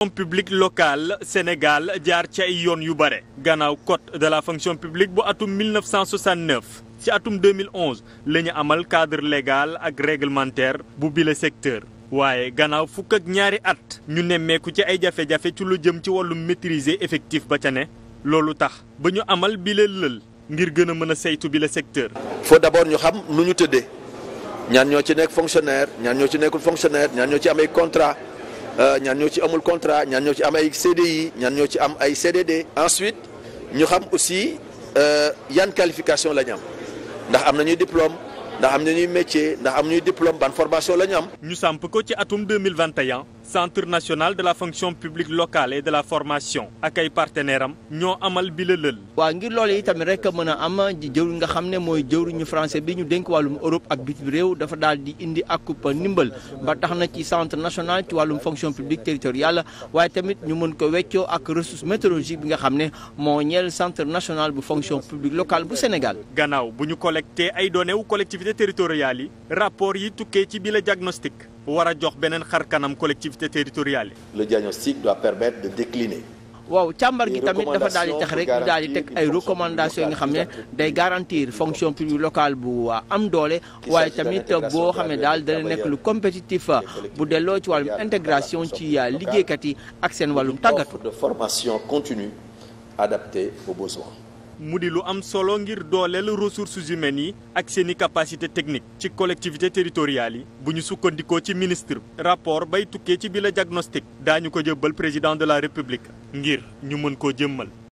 fonction publique locale Sénégal jaar ci ay yoon yu bare gannaaw code de la fonction publique bu atum 1969 ci atum 2011 la ñu amal cadre légal ak réglementaire bu bile secteur waaye gannaaw fukk ak ñaari at ñu nemmeeku ci ay jafe-jafe ci lu jëm ci wàllum maîtriser effectif ba ca ne loolu tax ba ñu amal bile lël ngir gën a mën a saytu bile secteur. il faut d'abord ñu xam nu ñu tëddee ñaan ñoo ci nekk fonctionnaire ñaan ñoo ci nekkul fonctionnaire ñaan ñoo ci amee contrat. Euh, ñaan ñoo ci amul contrat ñaan ñoo ci am ay CDI ñan ñoo ci am ay CDD. ensuite ñu xam aussi euh, yan qualification la ñu am ndax am nañuy diplôme ndax am na ñuy métier ndax am nañuy diplôme ban formation la ñu am. ñu samp ko ci atum 2021 centre national de la fonction publique locale de la formation ak ay partenaires am ñoo amal bi la lël. waaw ngir loolu itam rek mën a am jëw nga xam ne mooy jëwriñu français bi ñu dénk wàllum Europe ak bitim réew dafa daal indi ak akub ndimbal ba tax na ci centre national ci wàllum fonction publique territoriale waaye tamit ñu mën ko weccoo ak ressource météorologique bi nga xam ne moo ñeel centre national bu fonction publique locale bu Sénégal. gannaaw bu ñu collecté ay données wu collectivités territoriales yi rapport yi tukkee ci bi la war a jox beneen xar kanam collectivité territoriale yi. le diagnostic doit permettre de décliner. waaw càmbar gi tamit dafa daal di tax rek ñu di teg ay recommandation yi nga xam ne day garantir fonction publique locale bu waa euh, am doole waaye tamit boo xam ne daal dana nekk lu compétitif euh, bu delloo ci wàllum intégration ci euh, liggéeykat yi ak seen wàllum tàggatu. de formation continue adaptée aux besoins. mu di lu am solo ngir dooleel ressources humaines yi ak seeni capacité technique ci collectivité territoriales yi bu ñu sukkandikoo ci ministre rapport bay tukkee ci bi la diagnostic daañu ko jëbbal président de la république ngir ñu mën koo jëmmal